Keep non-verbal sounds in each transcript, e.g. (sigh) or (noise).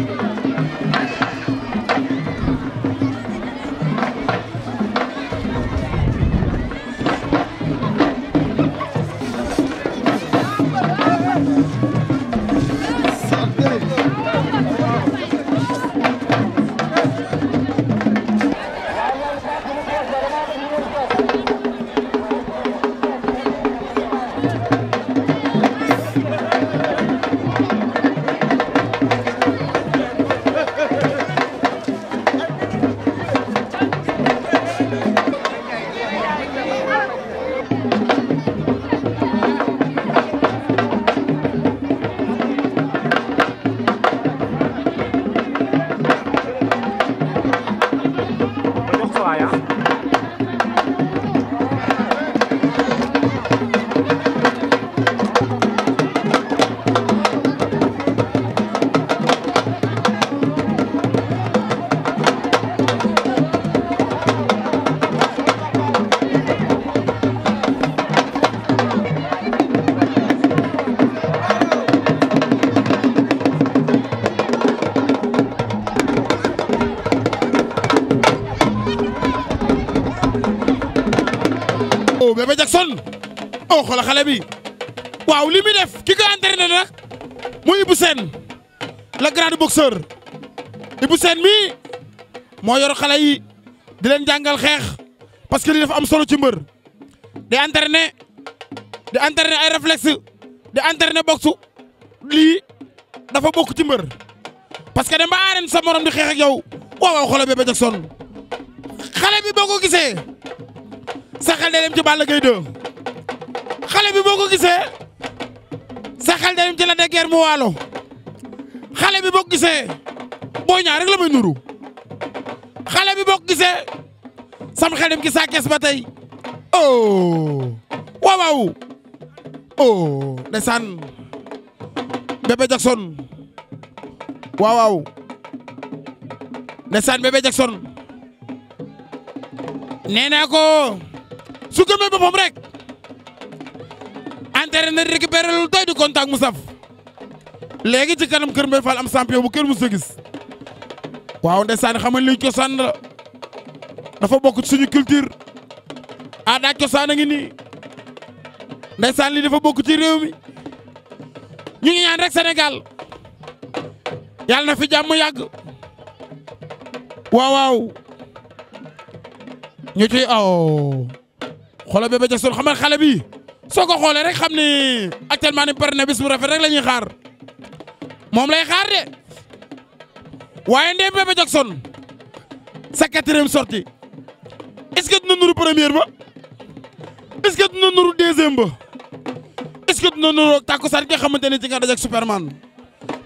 Thank you. Bébé Jackson oh xoolal xale bi waaw li muy def ki ko entraîné nag muy Ibou Sène le grand boxeur Ibou moo yor xale yi di leen jàngal xeex parce que li dafa am solo ci mbër di entraîné di entraîné ay reflex di entraîné boxu lii dafa bokk ci mbër parce que dem ba aaren sa di xeex ak yow waaw waaw xoolal Bébé Jackson xale bi boo ko gisee. day dem ci Balla Gaye 2 xale bi boo ko gisee sa xel day dem ci la de guerre mu waalo xale bi boo gisee boo ñaar rek la may nuru xale bi boo ko gisee sam xel dem ci kees ba tey oh waaw waaw oh ndeysaan Bébé Jackson waaw waaw ndeysaan Bébé Jackson nee naa ko su gëmee boppam rek entraîné récupéré lu doy di contact mu saf léegi ci kanam Kër Mbay Fall am champion bu kenn mu sa gis waaw ndeysaan xam nga cosaan dafa bokk ci suñu culture ah, aada cosaan a ngi nii ndeysaan lii dafa bokk ci réew mi ñu ngi ñaan rek Sénégal yàlla na fi jàmm yàgg waaw waaw ñu ciy aw oh. xoola Bébé Jackson xamal xale bi soo ko xoolee rek xam ni actuellement ni pare na bis bu rafet rek la ñuy xaar moom lay xaar de waaye ndey Bébé Jackson sa quatrième sortie est-ce que dina nuru première ba est-ce que dina nuru deuxième ba est-ce que dina nga xamante ne ci nga daj ak Superman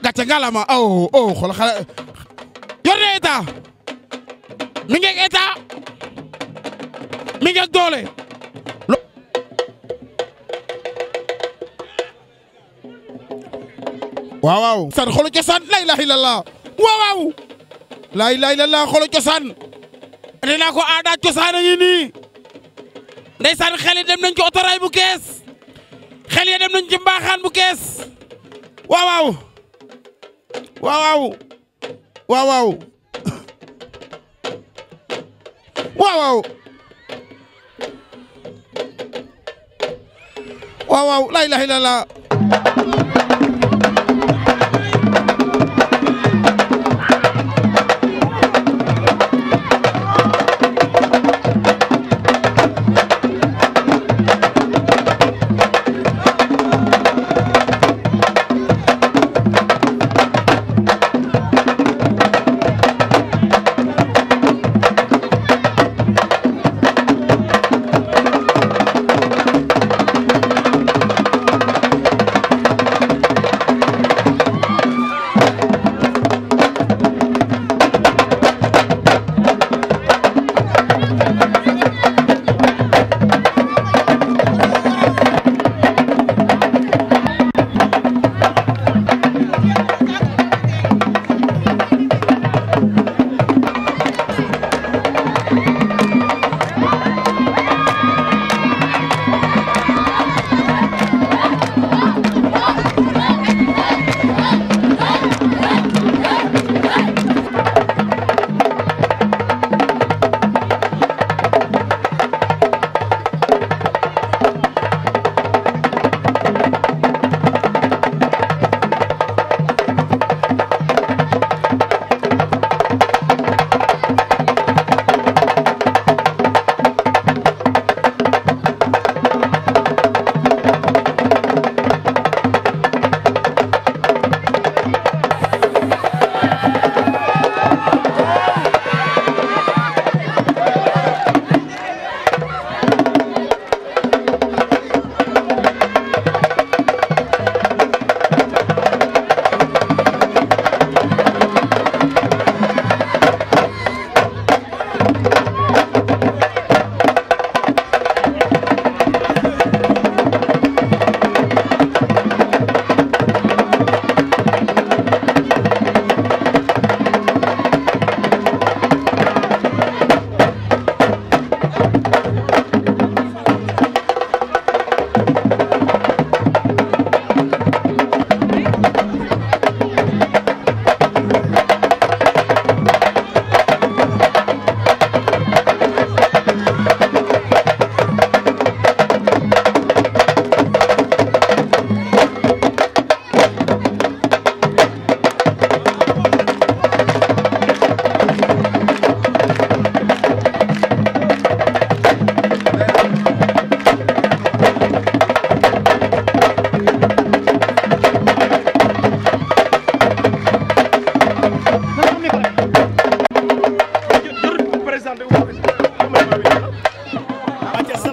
gàcce oh, oh, xale yor na état mi ngi ak mi ngi doole. waaw waaw san xolu cosaan laa ilaaha illallah waaw waaw laa ilaaha cosaan nee naa ko aada cosaan a ngi nii ndeysaan xel yi dem nañ ci otoraay bu kees xel ya dem nañ ci mbaaxaan bu kees waaw waaw waaw waaw waaw waaw waaw waaw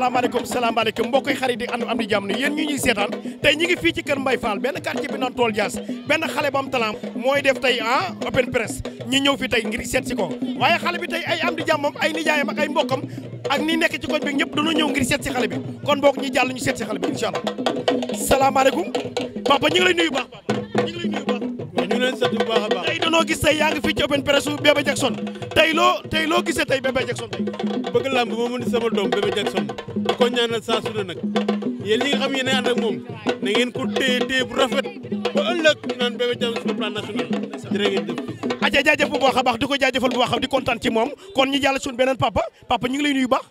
salaamaaleykum salaamaaleykum mbokk yi xarit yi ànd am di jàmm ni yéen ñu ñuy seetaan tey ñu ngi fii ci kër Mbaye Fall benn quartier bi naan tool Dias benn xale bu am talent mooy def tey ah open press ñu ñëw fi tey ngir seet si ko waaye xale bi tey ay am di jàmmam ay nijaayam ak ay mbokkam ak ni nekk ci koñ bi ñëpp dañoo ñëw ngir seet si xale bi kon mbokk ñi jàll ñu seet si xale bi incha allah salaamaaleykum papa ñi ngi lay nuyu baax ngi leen sant bu a open press Bébé Jackson tey loo tey loo gisee Jackson tey bëgg làmb moo Jackson di ko ñaanal saa su ne nag yéen ñi nga xam yéen a ànd ak moom Jackson sur plan national jërë ngeen jëf aja jaajëf bu baax a di ko jaajëfal bu baax di papa papa ñu ngi lay nuyu baax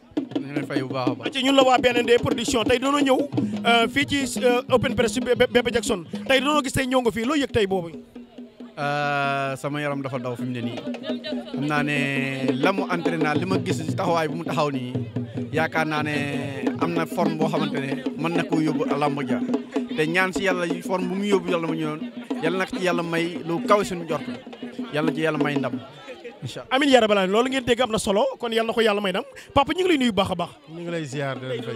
fay a production tey doonoo ñëw euh, euh, open press Bébé Jackson tey doonoo gis tey ñëw nga Euh, sama yaram dafa daw fi mu ne nii xam naa ne la mu naa li ma gis ci taxawaay bu mu taxaw nii yaakaar naa ne am na forme boo xamante ne mën na koo yóbbu làmb ja te ñaan si yàlla forme bu mu yóbbu yàlla mu ñëwoon yàlla nak ci yàlla may lu kaw suñu jort yàlla ci yàlla may ndam incha allah amiin yaa loolu ngeen dégg am na solo kon yàlla ko yàlla may ndam papa ñu ngi lay nuyu baax a baax. ñu ngi lay ziar di leen fay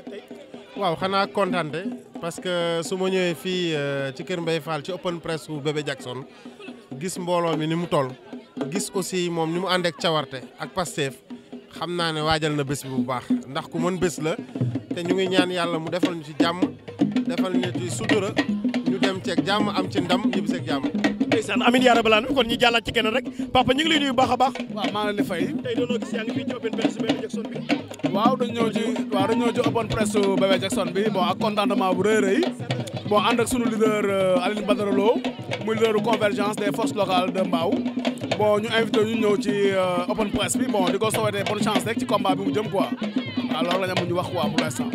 tey waaw xanaa kontante parce que su ma ñëwee fii euh, ci Kër Mbaye Fall ci open press bu Bébé Jackson gis mbooloo mi ni mu toll gis aussi moom ni mu ànd ak cawarte ak Pastef xam naa ne waajal na bés bi bu baax ndax ku mën bés la te ñu ngi ñaan yàlla mu defal ñu ci jàmm defal ñu ci sutura ñu dem ceeg jàmm am ci ndam ñibbi seeg jàmm. ndeysaan amin yaa rabbal aalamiin kon ñu jàllaat ci kenn rek papa ñu ngi lay nuyu bu baax a baax. waaw maa ngi lay fay. tey doonoo gis yaa ngi fii ci open press Bébé Jackson bi waaw dañ ñëw ci waaw dañ ñëw ci open press Bébé Jackson bi bon ak contentement bu rëy rëy bon ànd ak sunu leader eh, Aline Badara Lo muy leaderu convergence des forces locales de Mbao bon ñu invité ñu ñëw ci eh, open press bi bon di ko souhaité bonne chance rek ci combat bi mu jëm quoi waaw loolu la ñu am ñu wax quoi pour l'instant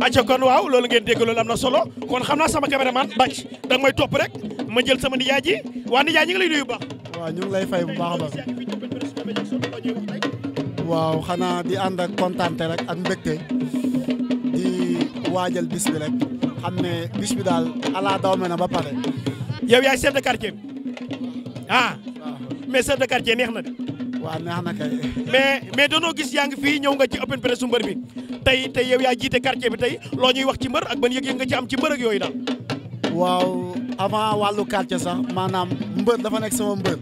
acca kon waaw loolu ngeen dégg loolu am na solo kon xam naa sama caméraman bàcc da nga may topp rek ma jël sama nijaay ji waa nijaay ñi ngi lay nuyu bu waaw ñu ngi lay fay bu baax a waaw xanaa di ànd ak kontaante rek ak mbégte di waajal bis bi rek xam ne bis bi daal ala daw me na ba pare. yow yaay chef de quartier bi ah. ah. mais chef de quartier neex na de. waaw neex na kay. (laughs) mais mais danoo gis yaa ngi fii ñëw nga ci open press mbër bi tey tey yow yaa jiite quartier bi tey loo ñuy wax ci mbër ak ban yëg-yëg nga ci am ci mbër ak yooyu daal. waaw avant wàllu quartier sax maanaam mbër dafa nekk sama mbër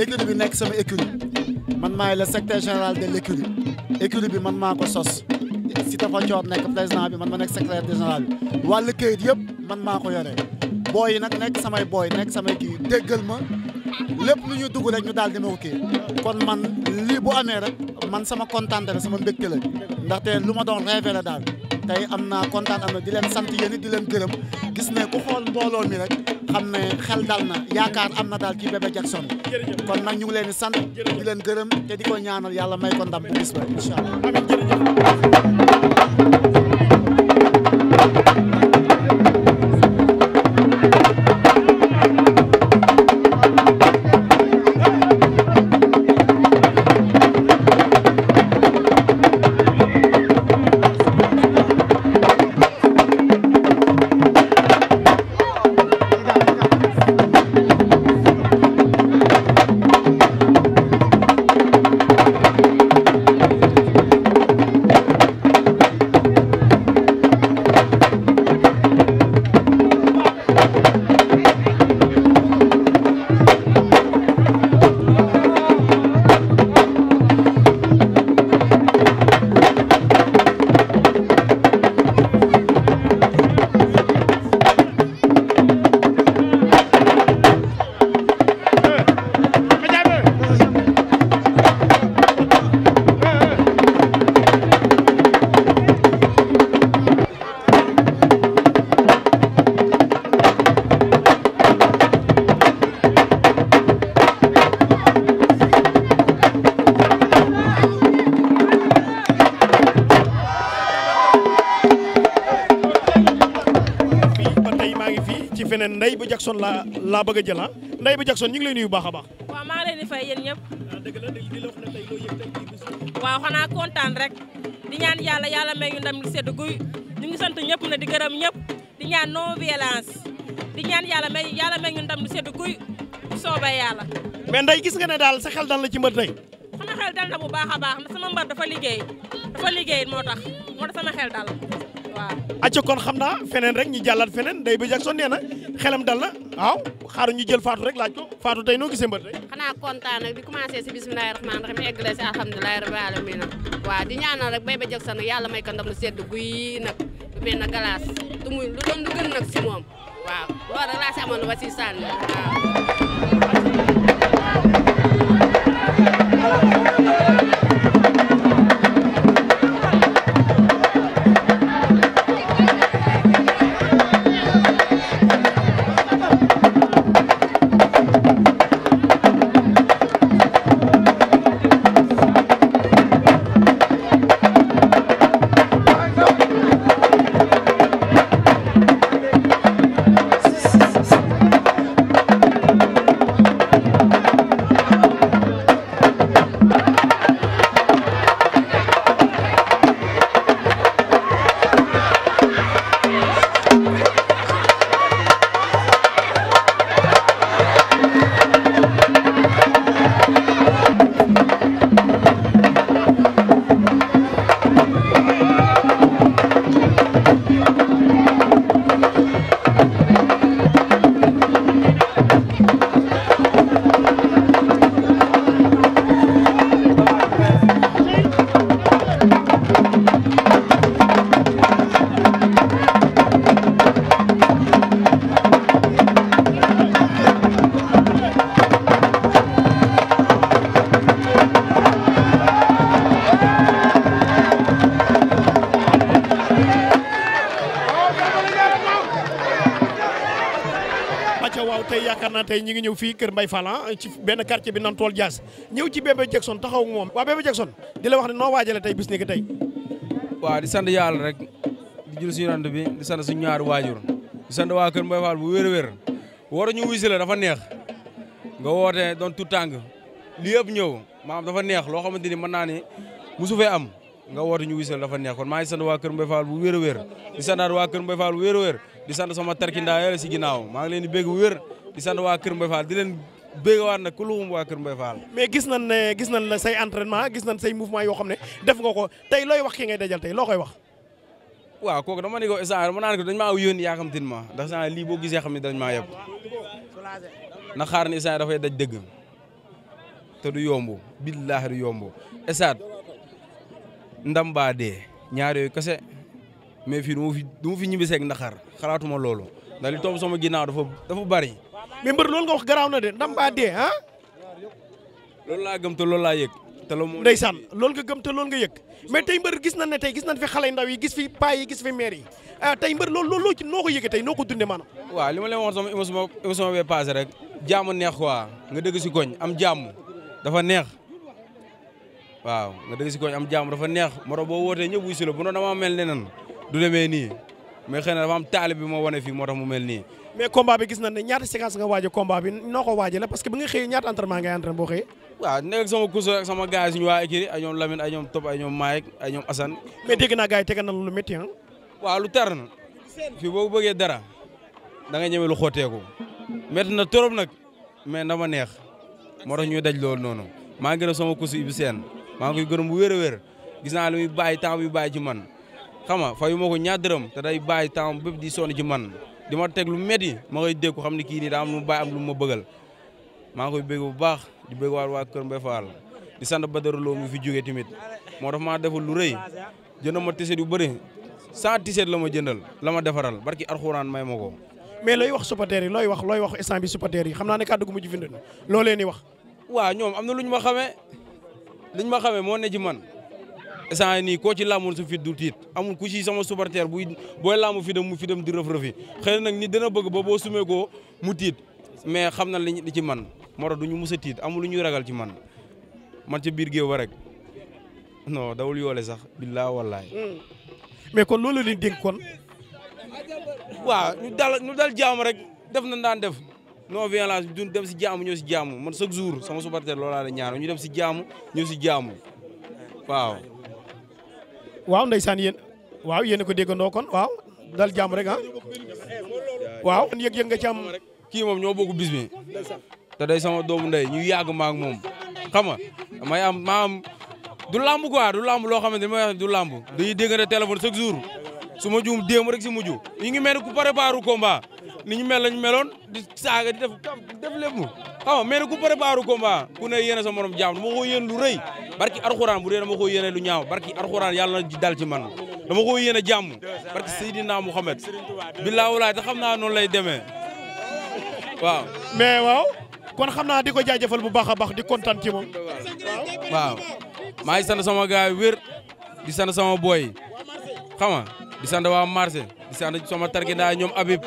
écurie bi nekk sama écurie. man maay le secrétaire général de l' écurie bi man maa ko sos si dafa coor nekk président bi man ma nekk secrétaire général bi wàllu këyit yëpp man maa ko yore booy yi nag nekk samay booy nekk samay kii déggal ma lépp lu ñu dugg rek ñu daal di ma ko kii kon man lii bu amee rek man sama kontaan la sama mbégte la ndaxte lu ma doon rêvé la daal tey am naa kontaan am na di leen sant yéen di leen gërëm gis ne ku xool mbooloo mi rek xam ne xel dal na yaakaar am na daal ci bébé son kon nag ñu ngi leen sant di leen gërëm te di ko ñaanal yàlla may ko ndam bu bis ba allah. Jackson la la bëgg jël ah Ndeye bi Jackson ñu ngi lay nuyu baaxa baax wa ma lay maa ngi fay yéen ñëpp. wa xana contane rek di ñaan yalla yalla may ñu ndam li sedd guuy ñu ngi sant ñëpp na di gërëm ñëpp di ñaan non violence di ñaan yalla may yalla may ñu ndam li sedd guuy soobay yalla mais nday gis nga ne dal sa xel dal la ci mbeut tey. xana xel dal na bu baaxa baax sama mbër dafa liggéey dafa liggéey motax motax sama xel dal. acca kon xam naa feneen rek ñu jàllaat feneen day ba Jackson nee na xelam dal na waaw xaaru ñu jël Fatou rek laaj ko Fatou tey noo gisee mbër tey xanaa kontaan nag di commencé si bismillahi rahmaani rahim eggale si alhamdulilahi rabbil alamin waaw di ñaanal rek Bébé Jackson nag yàlla may ko ndam lu sedd guy nag lu mel na galaas du muy lu doon lu gën nag si moom waaw loolu rek amoon lu ma si sànni waaw yaakaar naa tey ngi ñëw fii Kër mbay Fall ah, ci benn quartier bi nan tool Dias ñëw ci Bébé Jackson taxaw moom waa Bébé Jackson di la wax ne noo waajale tey bis ni ki tey waaw di sant yàlla rek di jël suñu rand bi di sant suñu ñaari waajur di sant waa Kër Mbaye Fall bu wér wér war ñu wuy si dafa neex nga woote doon tàng li yëpp ñëw maanaam dafa neex loo xamante ni mën naa ne musu fee am nga woote ñu wisal dafa neex kon maa ngi sant waa Kër Mbaye Fall bu wér a wér di santaat waa Kër di sant sama tarkindaa si ginnaaw maa ngi leen di bégg bu wér di sant waa Kër Mbaye Fall di leen béggawaat nag ku luum waa Kër Mbaye Fall. mais gis nañ ne gis nañ la say entraînement gis nañ say mouvement yoo xam ne def nga ko tey looy wax ki ngay dajal tey loo koy wax. waaw kooku dama ne ko instant ma naan ko dañ maa yónni yaa xam tin ma ndax instant lii boo gisee xam ne dañ maa yeb na xaar ni instant dafay daj dëgg te du yomb billaahi du yomb instant ndam baa dee ñaar yooyu kese mais fii du ma fi du ma fi ñibbiseeg naxar xalaatuma loolu ndax li topp sama ginnaaw dafa dafa bari mais mbër loolu nga wax garaaw na de ndam baa dee ah. loolu laa gëm te loolu laa yëg. te loolu moo ndeysaan loolu nga gëm te loolu nga yëg mais tey mbër gis nañ ne tey gis nañ fi xale ndaw yi gis fi paa yi gis fi maire yi ah tey mbër lool loolu ci noo ko yëgee tey noo ko dundee maanaam. waaw li ma leen wax sama émission émission rek. jaamu neex quoi nga dëgg si koñ am jaamu dafa neex waaw nga dëgg si koñ am jaamu dafa neex moro boo wootee ñëpp wuyu si la bu noonu damaa mel neneen du demee nii mais xëy na dafa am taali bi moo wane fii moo tax mu mel nii mais combat bi gis nañ ne ñaata séquence nga waaje combat bi noo ko waaje la parce que bi nga xëyee ñaata entraînement ngay entraîné boo xëyee waaw nekk sama kuso ak sama gars yi ñu waa écrit ay ñoom Lamine Top ay ñoom Mayek ay ñoom Assane mais dégg naa na lu métti ah waaw lu tar na fii boo bëggee dara da nga ñëme lu xooteeku métti na trop nag mais dama neex moo tax daj loolu noonu maa ngi gërëm sama kusu Ibi maa ngi koy gërëm bu wér a wér gis naa li muy bàyyi temps bi bàyyi ci man xam ko ñaar dërëm te day bàyyi temps bépp di sonn ci man di ma teg lu métti ma koy dégg xam ne kii nii lu mu bàyyi am lu ma bëggal maa ngi koy bëgg bu baax di bëgg waat waa Kër Mbaye Fall di sant Badara Lo mi fi jógee tamit moo tax ma defal lu rëy jënd ma tiset yu bëri cent tiset la ma jëndal la ma defaral barki alxuraan may ma ko. mais looy wax supporters yi looy wax looy wax instant bi yi xam naa ne kàddu gu mujj fi loo leen di wax. waa ñoom am na lu ñu ma xamee lu ma xamee moo ne ci man. essence nii koo ci làmul sa fit du tiit amul buy booy làmb fi dem mu fi dem di rëf rëfi na ni dina bëgg ba boo sumee mu tiit mais xam na li ci man moo du ñu musa a tiit amul lu ñuy ragal ci man man ca biir géew ba rek non dawul yoole sax billaa wallaay mm. mais kon loolu leen dénk kon waaw ñu dal ñu rek def nañ daan def non violence bi duñ dem si jaamu ñëw si jaamu man chaque jour sama supporter loolaa la ñaan ñu dem si jaamu ñëw si jaamu waaw waaw ndeysaan yéen waaw yéen ko déggandoo kon waaw dal jàmm rek a ah. waaw yëg-yëg nga ci am kii moom ñoo bokk bis bi day sama doomu ndey ñu yàgg maak moom xam nga may am du lamb quoi du lamb loo xamante ni may wax du làmb dañuy déggante téléphone chaque jour su ma juum déem rek si mujj ñi ngi mel ni ku préparé combat ni ñu mel lañu meloon di saaga di def def lépp xam nga ku ni ku préparé combat ku ne yéen sa morom jaam ma ko yéen lu rey barki arxuraan bu dee dama ko yéene lu ñaaw barki arxuraan yàlla na dal ci man dama ko yéene jàmm barki Seydina Mouhamed billaa walaay te xam naa noonu lay demee waaw mais waaw kon xam naa di ko jaajëfal bu baax a baax di kontaan moom waaw maa ngi sant sama gaay wér di sant sama booy xam nga di sant waa marché di sant sama ñoom Habib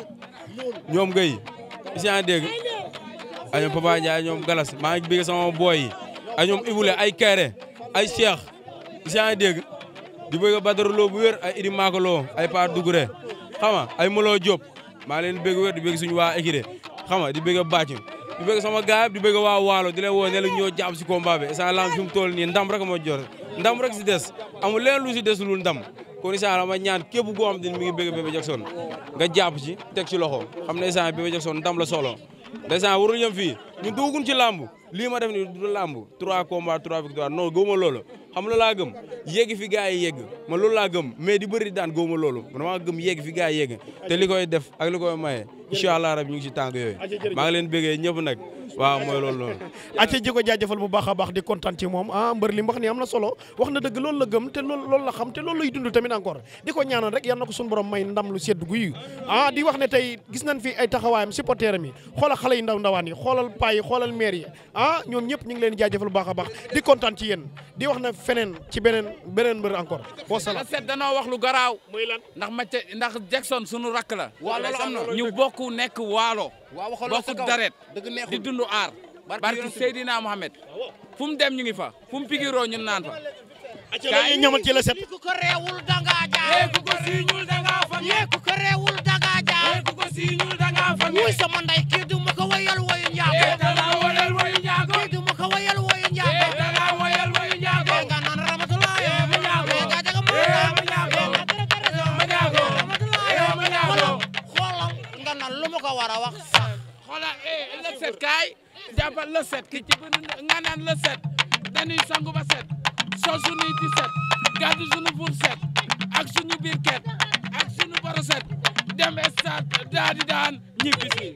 ñoom Guèye si yaa dégg ñoom Papa Ndiaye ñoom Galas maa ngi bëgg sama booy ay ñoom Ibule ay Kéré ay Cheikh yaa ngi dégg di bëgg Badara Lo bu ay Idi Makalo ay Pa Dugure xam ay moloo Diop maa leen di bëgg wér di bëgg suñu waa Ekide xam nga di bëgg bàcc di bëgg sama gaay di bëgg waa Waalo di leen woo ne la ñoo jàpp si combat bi instant lam fi mu nii ndam rek moo jor ndam rek si des amul leen lu si des lu ndam kon instant la ma ñaan képp koo xam ne mi ngi bëgg Bébé Jackson nga jàpp ci teg ci loxo xam ne instant Bébé Jackson ndam la solo instant lii ma def ni du làmb trois combats trois victoire non gëwma loolu xam la laa gëm yegg fi gars yi yegg man loolu laa gëm mais di bëri daan gëwma loolu man maa gëm yegg fi gars yi yegg te li koy def ak li koy maye incha allah rabi ñu ngi si tànk yooyu maa ngi leen bëggee ñëpp nag waaw mooy loolu loolu (laughs) acca ji ko jaajëfal bu baax a baax di kontaan ci moom ah mbër li mu wax ni am na solo wax na dëgg loolu la gëm te loolu loolu la xam te loolu lay dund tamit encore di ko ñaanal rek yal na ko suñu borom may ndam lu sedd guy ah di wax ne tey gis nañ fi ay taxawaayam supporter mi xoola xale yi ndaw ndawaan yi xoolal paa yi xoolal maire yi ah ñoom ñëpp ñu ngi leen jaajëfal bu baax a baax di kontaan ci yéen di wax na feneen ci beneen beneen mbër encore boo sala set danoo wax lu garaaw muy lan ndax macca ndax Jackson suñu rakk la ñu bokk nekk waalo bokku daret di dundu aar barki Seydina Mohamed fu mu dem ñu ngi fa fu mu pigiroo ñun naan fa gaa yi ci la set ko réewul danga jaar ku ko siiñul danga fa ku ko réewul danga jaar ku ko siiñul danga fa muy sama kii du ma ko wayal wayu jàppal le set ki ci bëri nga naan le set dañuy sangu ba set soo suñuy di set gàddu suñu fur set ak suñu biir ak suñu boro set dem stade daa daan ñibbi